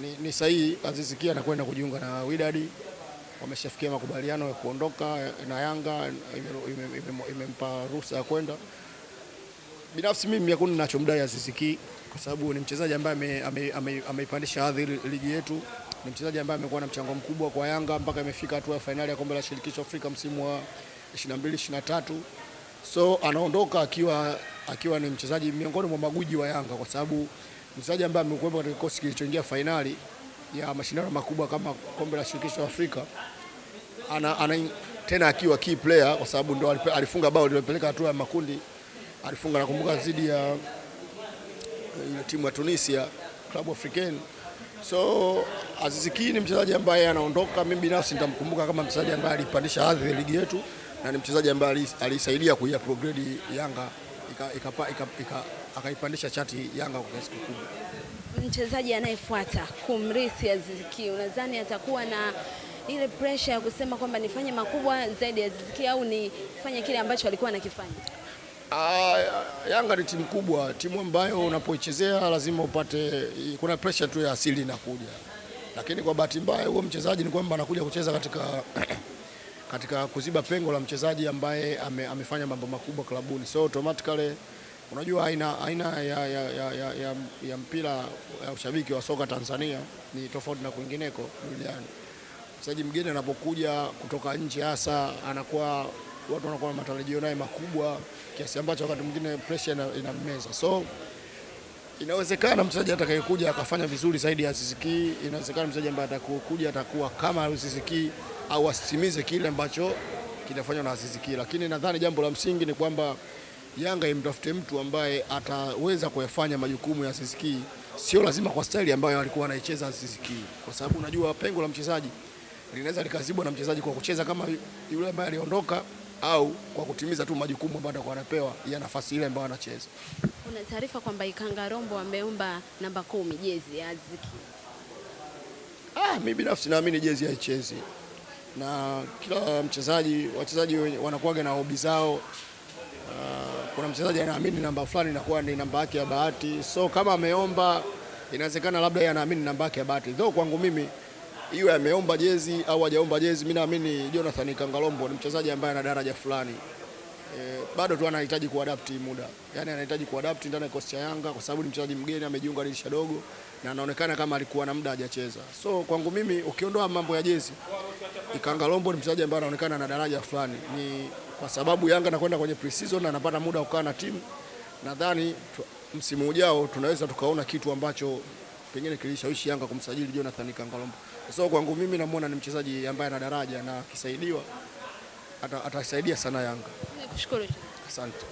ni, ni sahihi Aziz Ki anakwenda kujiunga na Wydad. Wameshafikia makubaliano ya kuondoka na Yanga, imempa ruhusa ya kwenda. Binafsi mimi hakuna nachomdai Aziz Ki kwa sababu ni mchezaji ambaye ameipandisha hadhi ligi yetu, ni mchezaji ambaye amekuwa na mchango mkubwa kwa Yanga mpaka imefika hatua ya fainali ya kombe la shirikisho Afrika msimu wa 22 23. So anaondoka akiwa, akiwa ni mchezaji miongoni mwa maguji wa Yanga kwa sababu mchezaji ambaye amekuwepo katika kikosi kilichoingia fainali ya mashindano makubwa kama kombe la shirikisho la Afrika ana, ana, tena akiwa key player kwa sababu ndo alifunga bao lilopeleka hatua ya makundi. Alifunga nakumbuka dhidi ya eh, ile timu ya Tunisia Club African. So Aziz Ki ni mchezaji ambaye anaondoka, mimi binafsi nitamkumbuka kama mchezaji ambaye alipandisha hadhi ya ligi yetu na ni mchezaji ambaye alisaidia kuia progredi Yanga ika, ika, ika, ika, ika akaipandisha chati Yanga kwa kiasi kikubwa. Mchezaji anayefuata kumrithi Aziz Ki, unadhani atakuwa na ile pressure ya kusema kwamba nifanye makubwa zaidi ya Aziz Ki au nifanye kile ambacho alikuwa anakifanya? Uh, Yanga ni timu kubwa, timu ambayo unapoichezea lazima upate, kuna pressure tu ya asili inakuja, lakini kwa bahati mbaya huo mchezaji ni kwamba anakuja kucheza katika katika kuziba pengo la mchezaji ambaye ame, amefanya mambo makubwa klabuni, so automatically Unajua aina, aina ya, ya, ya, ya, ya, ya mpira ya ushabiki wa soka Tanzania ni tofauti na kwingineko duniani. Mchezaji mgeni anapokuja kutoka nchi hasa, anakuwa watu wanakuwa na matarajio naye makubwa kiasi ambacho wakati mwingine pressure inammeza, so inawezekana mchezaji atakayekuja akafanya vizuri zaidi ya Aziz Ki. Inawezekana mchezaji ambaye atakuja atakuwa kama Aziz Ki au asitimize kile ambacho kinafanywa na Aziz Ki, lakini nadhani jambo la msingi ni kwamba Yanga imtafute mtu ambaye ataweza kuyafanya majukumu ya Sisiki, sio lazima kwa staili ambayo alikuwa anaicheza Sisiki, kwa sababu unajua pengo la mchezaji linaweza likazibwa na mchezaji kwa kucheza kama yule ambaye aliondoka au kwa kutimiza tu majukumu ambayo atakuwa anapewa ya nafasi ile ambayo anacheza. Kuna taarifa kwamba ikangarombo ameomba namba kumi jezi ya Aziki. Ah, mimi binafsi naamini jezi haichezi, na kila mchezaji wachezaji wanakuwaga na hobi zao kuna mchezaji anaamini namba fulani inakuwa ni namba yake ya bahati, so kama ameomba inawezekana labda yeye anaamini namba yake ya bahati. Though kwangu mimi iwe ameomba jezi au hajaomba jezi, mimi naamini Jonathan Kangalombo ni mchezaji ambaye ana daraja fulani. E, bado tu anahitaji kuadapt muda, yani anahitaji kuadapt ndani ya kikosi cha Yanga kwa sababu ni mchezaji mgeni, amejiunga dirisha dogo na anaonekana kama alikuwa na muda hajacheza. So kwangu mimi ukiondoa mambo ya jezi, Kangalombo ni mchezaji ambaye anaonekana na daraja fulani ni kwa sababu Yanga anakwenda kwenye preseason na anapata muda wa kukaa na timu. Nadhani msimu ujao tunaweza tukaona kitu ambacho pengine kilishawishi Yanga kumsajili Jonathan Kangalombo. So kwangu mimi namuona ni mchezaji ambaye ana daraja na akisaidiwa atasaidia sana Yanga. Asante.